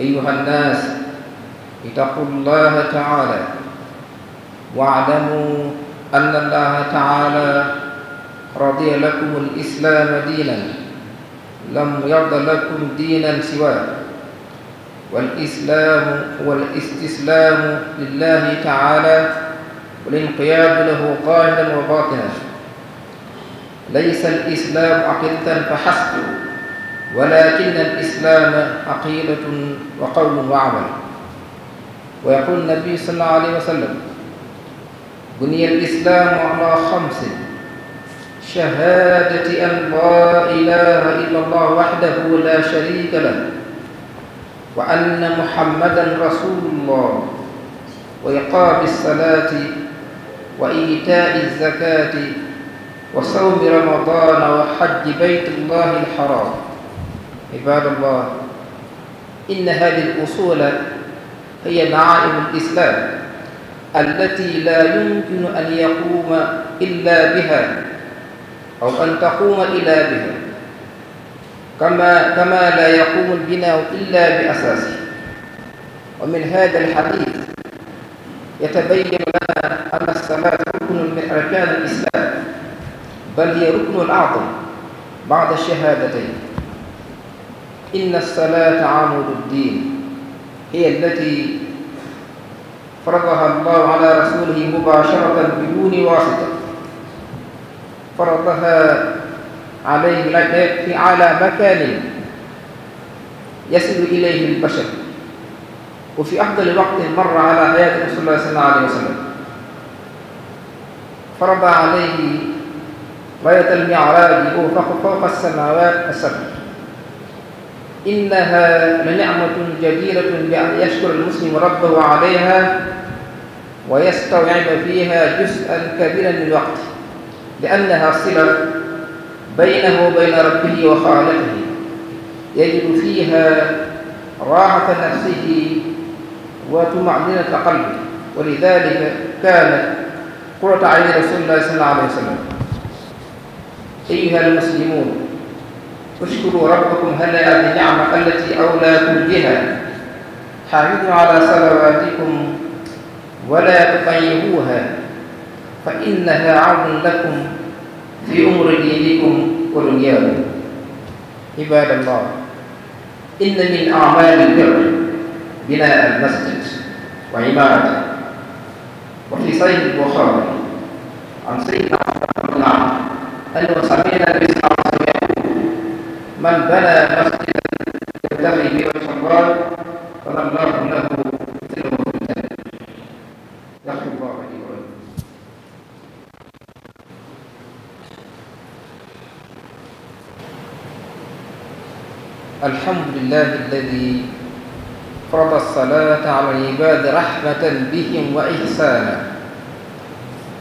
أيها الناس اتقوا الله تعالى واعلموا أن الله تعالى رضي لكم الإسلام دينا لم يرض لكم دينا سواه والإسلام والاستسلام لله تعالى والانقياد له قائلا وباطنا ليس الإسلام عقيدة فحسب ولكن الإسلام عقيدة وقول وعمل ويقول النبي صلى الله عليه وسلم بني الإسلام على خمس شهادة أن لا إله إلا الله وحده لا شريك له وأن محمدا رسول الله وإقام الصلاة وإيتاء الزكاة وصوم رمضان وحج بيت الله الحرام عباد الله إن هذه الأصول هي معالم الإسلام التي لا يمكن أن يقوم إلا بها أو أن تقوم إلا بها كما كما لا يقوم البناء إلا بأساسه ومن هذا الحديث يتبين لنا أن الصلاة ركن من أركان الإسلام بل هي ركن الأعظم بعد الشهادتين إن الصلاة عمود الدين هي التي فرضها الله على رسوله مباشرة بدون واسطة فرضها عليه على مكان يصل إليه البشر وفي أفضل وقت مر على حياة رسول الله صلى الله عليه وسلم فرض عليه راية المعراج فوق السماوات السبع إنها لنعمة جديرة بأن يشكر المسلم ربه عليها ويستوعب فيها جزءا كبيرا من الوقت لأنها صلة بينه وبين ربه وخالقه يجد فيها راحة نفسه وطمأنينة قلبه ولذلك كانت قرة عين رسول الله صلى الله عليه وسلم أيها المسلمون اشكروا ربكم هنيئا بالنعمة التي أولاكم بها حافظوا على صلواتكم ولا تطيبوها فإنها عون لكم في أمر دينكم ودنياكم عباد الله إن من أعمال البر بناء المسجد وعمارته وفي صحيح البخاري عن سيدنا عمر بن عمرو أنه سمع من بنى مسجدا يبتغي به وجه الله فلا الله له مثله في الجنه يخلو الله عليه وسلم الحمد لله الذي فرض الصلاة على العباد رحمة بهم وإحسانا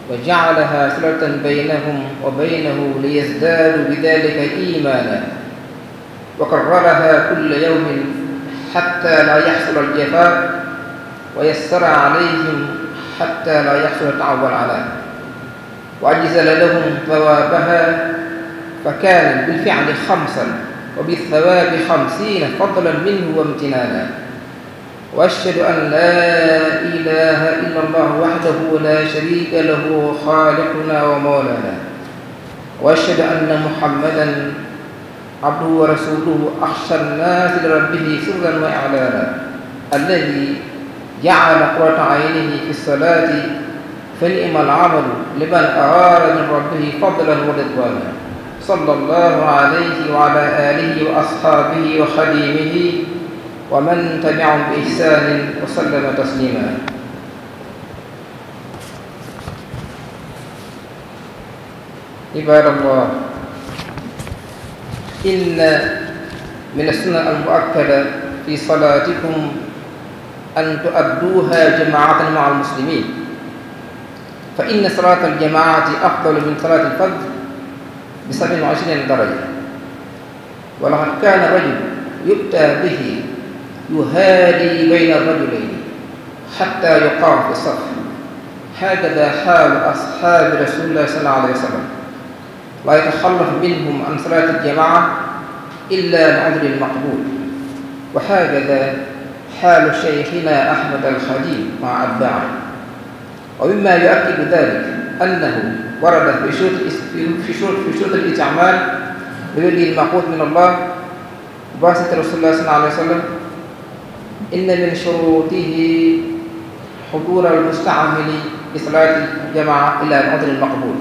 وجعلها صلة بينهم وبينه ليزدادوا بذلك إيمانا وكررها كل يوم حتى لا يحصل الجفاء ويسر عليهم حتى لا يحصل التعول على وأجزل لهم ثوابها فكان بالفعل خمسا وبالثواب خمسين فضلا منه وامتنانا وأشهد أن لا إله إلا الله وحده لا شريك له خالقنا ومولانا وأشهد أن محمدا عبده ورسوله أخشى الناس لربه سرا وإعلانا الذي جعل قرة عينه في الصلاة فنئم العمل لمن أراد من ربه فضلا ورضوانا صلى الله عليه وعلى آله وأصحابه وخديمه ومن تبعهم بإحسان وسلم تسليما عباد الله إن من السنة المؤكدة في صلاتكم أن تؤدوها جماعة مع المسلمين فإن صلاة الجماعة أفضل من صلاة الفرد بسبع وعشرين درجة ولقد كان رجل يؤتى به يهادي بين الرجلين حتى يقام في الصف هكذا حال أصحاب رسول الله صلى الله عليه وسلم ويتخلف منهم عن صلاة الجماعة إلا العذر المقبول وهكذا حال شيخنا أحمد الخليل مع أتباعه ومما يؤكد ذلك أنه ورد في شروط في شروط في شروط الإجعمال ببلغ المعقود من الله بواسطة رسول الله صلى الله عليه وسلم إن من شروطه حضور المستعمل لصلاة الجماعة إلى العذر المقبول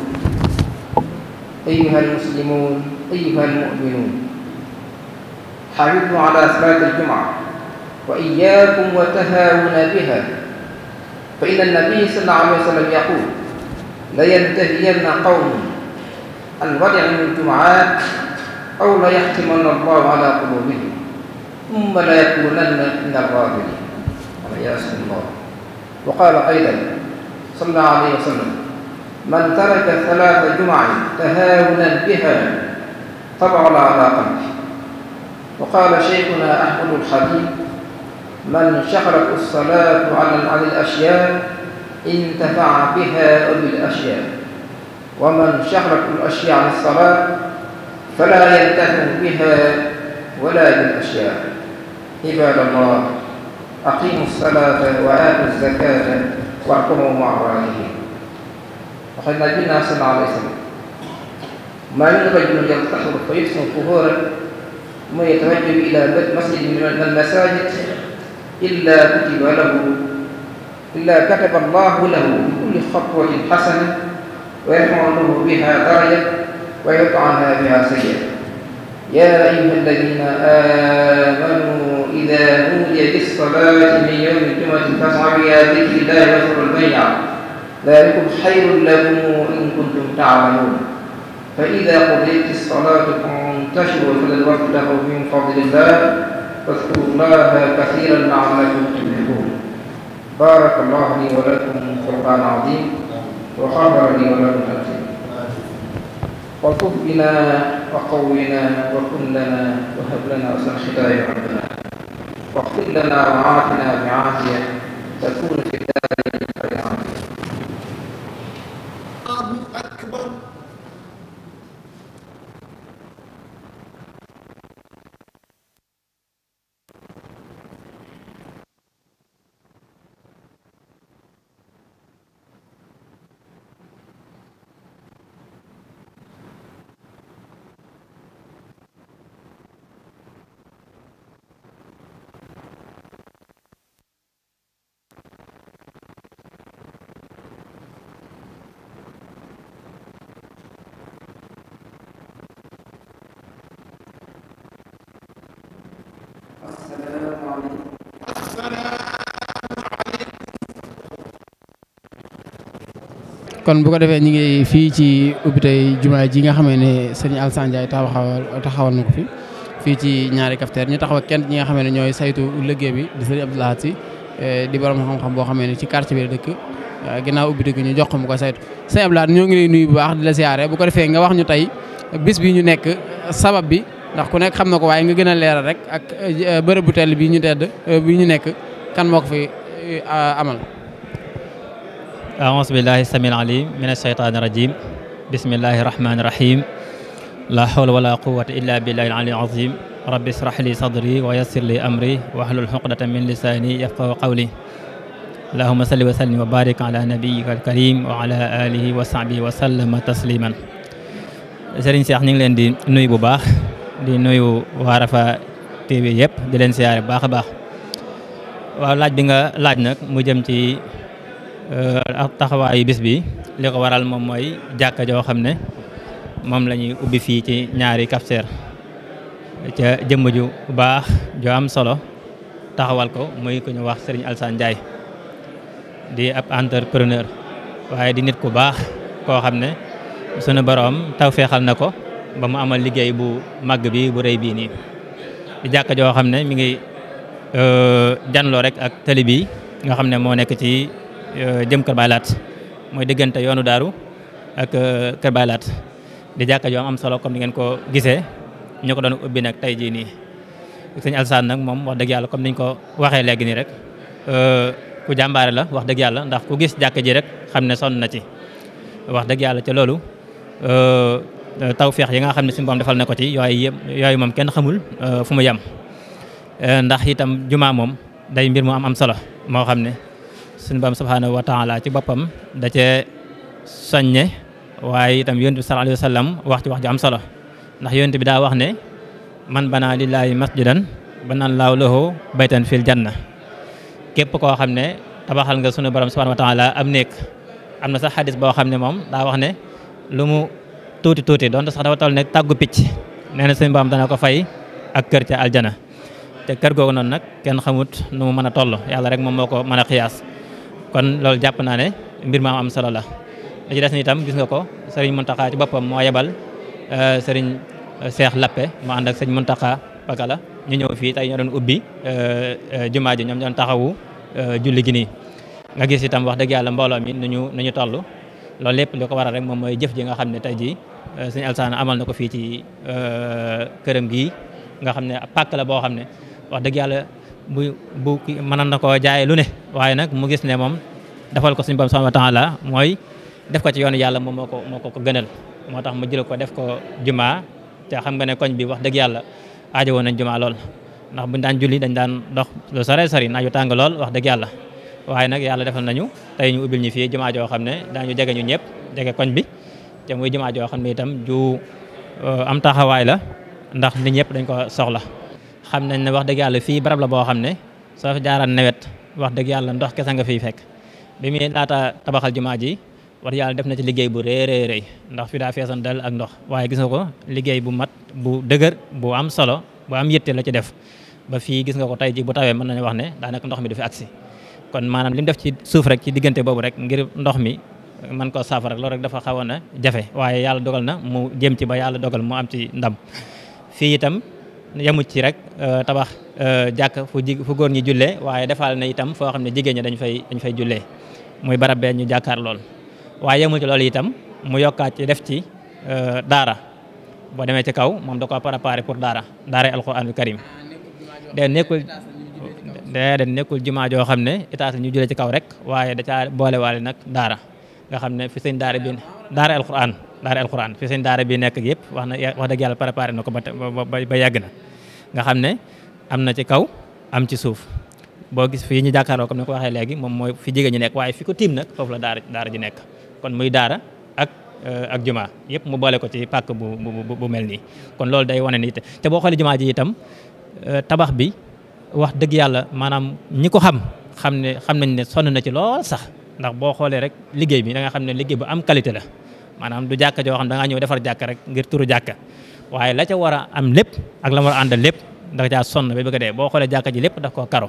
أيها المسلمون أيها المؤمنون حرصوا على صلاة الجمعة وإياكم وتهاون بها فإن النبي صلى الله عليه وسلم يقول لينتهين قوم عن وضع الجمعات أو ليختمن الله على قلوبهم ثم ليكونن من الغافلين يا رسول الله وقال أيضا صلى الله عليه وسلم من ترك ثلاث جمع تهاونا بها طبع على قلبه وقال شيخنا أحمد الخليل من شغلت الصلاة عن الأشياء انتفع بها وبالأشياء ومن شغلت الأشياء عن الصلاة فلا ينتفع بها ولا بالأشياء عباد الله أقيموا الصلاة وآتوا الزكاة واركموا مع الراكعين نبينا صلى الله عليه وسلم ما من رجل ينتحر فيحسن طهورا ثم يتوجه إلى مسجد من المساجد إلا كتب له إلا كتب الله له بكل خطوة حسنة ويرفع له بها درجة ويطعنها بها سيئة يا أيها الذين آمنوا إذا نودي للصلاة من يوم الجمعة فاسعوا إلى ذكر الله وذكر البيع ذلكم خير لكم إن كنتم تعلمون فإذا قضيت الصلاة فانتشروا في الوقت له من فضل الله واذكروا الله كثيرا لعلكم تفلحون بارك الله لي ولكم قرآن عظيم وخبر لي ولكم حكيم وكف بنا وقونا وكن لنا وهب لنا حسن ختام ربنا واغفر لنا وعافنا بعافيه تكون kon bu ko defee ñu ngi fii ci ubbitey jumaa ji nga xamee ne sëñ Alassane Ndiaye taxawal taxawal na ko fi fii ci ñaari cafetière ñu taxaw kenn ñi nga xamee ne ñooy saytu liggéey bi di sëñ Abdou Lahad Sy eh, di borom xam boo xamee ne ci quartier bi la dëkk eh, ginnaaw ubbite gi ñu jox ko mu ko saytu sëñ Abdou Lahad ñoo nuyu bu baax di la siyaare bu ko defee nga wax ñu tey bis bi ñu nekk sabab bi ndax ku nekk xam na ko waaye nga gën a leeral rek ak eh, bërëb bu tell bi ñu tedd bi ñu nekk kan moo ko fi amal أعوذ بالله السميع العليم من الشيطان الرجيم بسم الله الرحمن الرحيم لا حول ولا قوة إلا بالله العلي العظيم رب اشرح لي صدري ويسر لي أمري واحلل عقدة من لساني يفقهوا قولي اللهم صل وسلم وبارك على نبيك الكريم وعلى آله وصحبه وسلم تسليما Serigne Cheikh ñu ngi leen di nuyu bu baax di nuyu waa Rafah TV yëpp di leen siyaare bu baax a baax waaw laaj bi nga laaj nag mu jëm ci Euh, ak taxawaayu bis bi li ko waral moom mooy jàkka joo xam ne moom la ñuy ubbi fii ci ñaari cap ca jëmm ju baax ju am solo taxawal ko muy ku ñu wax Serigne Alassane Ndiaye di ab entrepreneur waaye di nit ku baax koo xam ne sunu boroom tawféexal na ko ba mu amal liggéey bu màgg bi bu rëy bii nii di jàkka joo xam ne mi ngi euh, janloo rek ak tali bi nga xam ne moo nekk ci Euh, jëm Kër Baylaat mooy diggante yoonu daaru ak euh, Kër Baylaat di jàkka joo am solo comme ni ngeen ko gisee ñu ko doon ubbi nag tey jii nii sëñ Alsaan nag moom wax dëgg yàlla comme niñ ko waxee léegi nii rek euh, ku jàmbaare la wax dëgg yàlla ndax ku gis jàkka ji rek xam ne sonn na ci wax dëgg yàlla ci loolu tawfeex yi nga xam ne suñu boom defal na ko ci yooyu yooyu moom kenn xamul fu mu yem ndax itam jumaa moom day mbir mu am am solo moo xam ne suñu borom subhaanahu wa taala ci boppam da cee soññe waaye itam yonent bi sallallahu alayhi wa wax ci wax ju am solo ndax yonent bi daa wax ne man banaa lillaahi masjidan banaa laahu lahu baytan fil janna képp koo xam ne tabaxal nga sunu borom subhaanahu wa taala am nekk am na sax xadis boo xam ne moom daa wax ne lu mu tuuti tuuti donte sax dafa toll ne tàggu picc nee na suñu borom dana ko fay ak kër ca aljana te kër googu noonu nag kenn xamut nu mu mën a toll kon loolu jàpp naa ne mbir ma am solo la li ci des ni gis nga ko sëriñ Mountakha ci boppam moo yebal euh, sëriñ euh, Cheikh Lappe mu ànd ak sëriñ Mountakha Pakala ñu ñëw fii tey ñoo doon ubbi euh, jumaa ji ñoom ñoo doon taxawu julli gi nii nga gis itam wax dëgg yàlla mbooloo mi nu ñu nu ñu toll loolu lépp li ko waral rek moom mooy jëf ji nga xam ne tey jii sëñ Alsaana amal na ko fii ci këram gi nga xam ne pàkk la boo xam ne wax dëgg bu bu mënoon na ko jaay lu ne waaye nag mu gis ne moom defal ko suñu borom subhanahu wa taala mooy def ko ci yoon yàlla moom moo ko moo ko ko gënal moo tax mu jël ko def ko jumaa te xam nga ne koñ bi wax dëgg yàlla aajo woon nañ jumaa lool ndax buñ daan julli dañ daan dox lu sore sori naaju tàng lool wax dëgg yàlla waaye nag yàlla defal nañu tey ñu ubbil ñu fii jumaa joo xam ne daañu jege ñu ñëpp jege koñ bi te muy jumaa joo xam ne itam ju euh, am taxawaay la ndax nit ñëpp dañ ko soxla xam nañ ne wax dëgg yàlla fii barab la boo xam ne soo fi jaaraan wax dëgg yàlla ndox kese nga fiy fekk bi muy laata tabaxal jumaa ji war yàlla def na ci liggéey bu rëy rëy rëy fi daa feesan dal ak ndox waaye gis nga ko liggéey bu mat bu dëgër bu am solo bu am yitte la ci def ba fii gis nga ko tey ji bu tawee mën nañu wax ne daanaka ndox mi du fi agsi kon maanaam li mu def ci suuf rek ci diggante boobu rek ngir ndox mi man koo saafara loolu rek dafa xawoon a jafe waaye yàlla dogal na mu jëm ci ba yàlla dogal mu am ci ndam fii itam yemut ci rek euh, tabax euh, jàkk fu ji fu góor ñi jullee waaye defaal na itam foo xam ne jigéen ñi dañ fay dañ fay jullee muy barab bee ñu jàkkaar lool waaye yemul ci lool itam mu yokkaat ci def ci euh, daara boo demee ci kaw moom da ko préparé pour daara daara alquranul karim de nekkul de nekkul jumaa joo xam ne état ñu jullee ci kaw rek waaye da caa boolewaale nag daara nga xam ne fi sëñ daara bi daara alquran daara alxuraan fi seen daara bi nekk yëpp wax na wax dëgg yàlla préparé na ko ba ba yàgg na nga xam ne am na ci kaw am ci suuf boo gis fii ñu jàkkaaroo ko ni ko waxee léegi moom mooy fi jigéen ñi nekk waaye fi ko tiim nag foofu la daara daara ji nekk kon muy daara ak euh, ak jumaa yëpp mu boole ko ci pàkk bu bu mel nii kon loolu day wane ni te boo xoolee jumaa ji itam euh, tabax bi wax dëgg yàlla maanaam ñi ko xam xam ne xam nañ ne sonn na ci lool sax ndax boo xoolee rek liggéey bi da nga xam ne liggéey bu am qualité la maanaam du jàkka joo xam da ngaa ñëw defar jàkka rek ngir turu jàkka waaye la ca war a am lépp ak la war a àndal lépp da caa sonn ba bëgg a dee boo xoolee jàkka ji lépp daf koo karo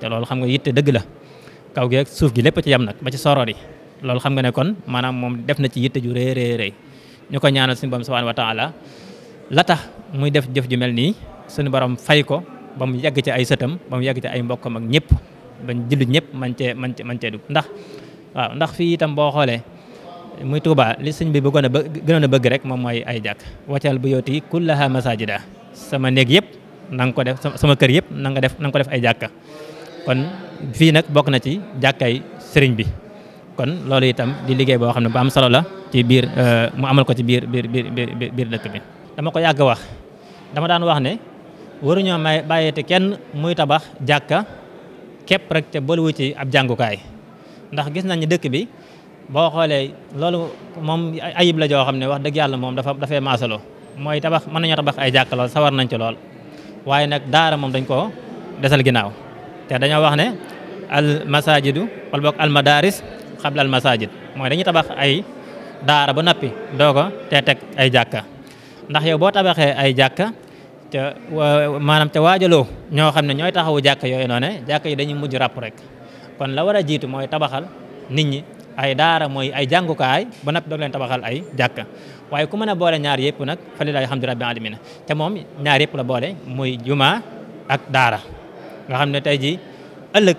te loolu xam nga yitte dëgg la kaw gi ak gi lépp ci yam nag ba ci soroor loolu xam nga ne kon maanaam moom def na ci yitte ju rëy rëy ñu ko ñaanal suñu borom subhanahu wa taala la tax muy def jëf ju mel nii suñu borom fay ko ba mu yàgg ci ay sëtam ba mu yàgg ci ay mbokkam ak ñëpp bañ jullit ñëpp man cee man cee man cee dugg ndax waaw ndax fii itam boo xoolee muy Touba li sëñ bi bëggoon a bë bëgg rek moom mooy ay jàkk waccal bu yooti kullaha masajida sama néeg yëpp na nga ko def sama kër yëpp nanga def na nga ko ay jàkka kon fii nag bokk na ci jàkkaay sëriñ bi kon loolu itam di liggéey boo xam ne bu am solo la ci biir euh, mu amal ko ci biir biir biir biir dëkk bi dama ko yàgg wax dama daan wax ne waruñoo may bàyyeete kenn muy tabax jàkka képp rek te boolu wu ci ab jàngukaay ndax gis nañ dëkk bi boo xoolee loolu moom ayib la joo xam ne wax dëgg yàlla moom dafa dafay maasaloo mooy tabax mën nañoo tabax ay jàkk lool sawar nañ lool waaye nag daara moom dañ koo desal ginnaaw te dañoo wax ne al masajidu wala boog al madaris xabla al mooy dañuy tabax ay daara ba noppi doo ko te teg ay jàkka ndax yow boo tabaxee ay jàkka te maanaam te waajaloo ñoo xam ne ñooy taxawu jàkk yooyu noone jàkk yi dañuy mujj ràpp rek kon la war a jiitu mooy tabaxal nit ñi ay daara mooy ay jàngukaay ba noppi doog leen tabaxal ay jàkka waaye ku mën a boole ñaar yëpp nag fa lillahi alhamdu rabbil alamina te moom ñaar yëpp la boole mooy jumaa ak daara nga xam ne tey jii ëllëg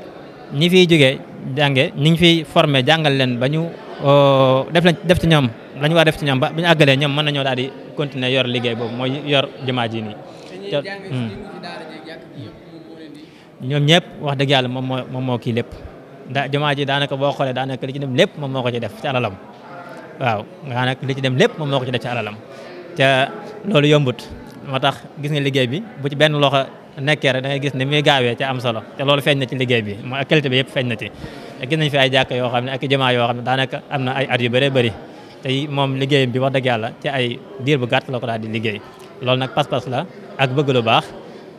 ñi fi jógee jànge ñi fi forme jàngal leen ba ñu def lañ def ci ñoom lañu war def ci ñoom ba bu ñu àggalee ñoom mën nañoo daal di continuer yor liggéey boobu mooy yor jumaa ji nii hmm. ñoom ñëpp wax dëgg yàlla moom moo moom moo kii lépp da jumaa ji daanaka boo xoolee daaneka li ci dem lépp moom moo ko ci def ci alalam waaw daanaka li ci dem lépp moom moo ko ci def ci alalam te loolu yombut moo tax gis nga liggéey bi bu ci benn loxo nekkee dangay gis ne muy gaawee ca am solo te loolu feeñ na ci liggéey bi mooy ak qualité bi yëpp feeñ na ci gis nañ fi ay jàkka yoo xam ne ak jumaa yoo xam ne daanaka am na ay at yu bëree bëri te moom liggéey bi wax dëgg yàlla ci ay diir bu gàtt la ko daal di liggéey loolu nag pas-pas la ak bëgg lu baax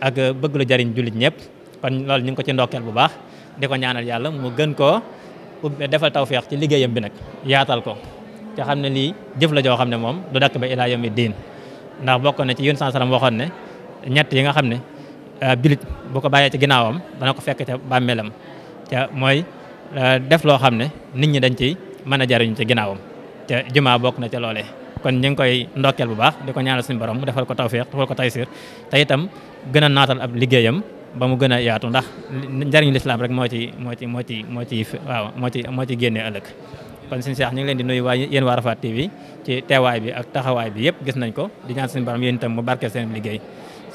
ak bëgg lu jariñ jullit ñëpp kon loolu ñu ngi ko ci ndokkeel bu baax di ko ñaanal yàlla mu gën koo defal tawféex ci liggéeyam bi nag yaatal ko te xam ne lii jëf la joo xam ne moom du dakk ba ilaa yawmi diin ndax bokk na ci yun sansaram waxoon ne ñett yi nga xam ne bilit euh, bu ko bàyyee ci ginnaawam dana ko fekk ca bàmmeelam ca mooy euh, def loo xam ne nit ñi dañ ci mën a jariñu ci ginnaawam te jumaa bokk na ca loolee kon ñu ngi koy ndokkeel bu baax di ko ñaanal suñu borom mu defal ko tawféex defal ko taysir te itam a naatal ba mu gën a yaatu ndax njariñu lislaam rek moo ci moo ci moo ci moo ci moo ci moo ci génnee ëllëg kon suñu ñu ngi leen di nuyu waa yéen waa Rafah TV ci teewaay bi ak taxawaay bi yëpp gis nañ ko di ñaan suñu borom yéen itam mu barkeel seen liggéey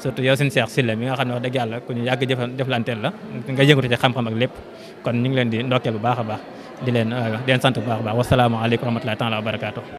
surtout yow suñu seex Sylla mi nga xam ne wax dëgg yàlla ku ñu yàgg jëflanteel la nga yëngatu ci xam-xam ak lépp kon ñu ngi leen di ndokkeel bu baax a baax di leen di leen sant bu baax a baax wasalaamaaleykum wa rahmatullahi taala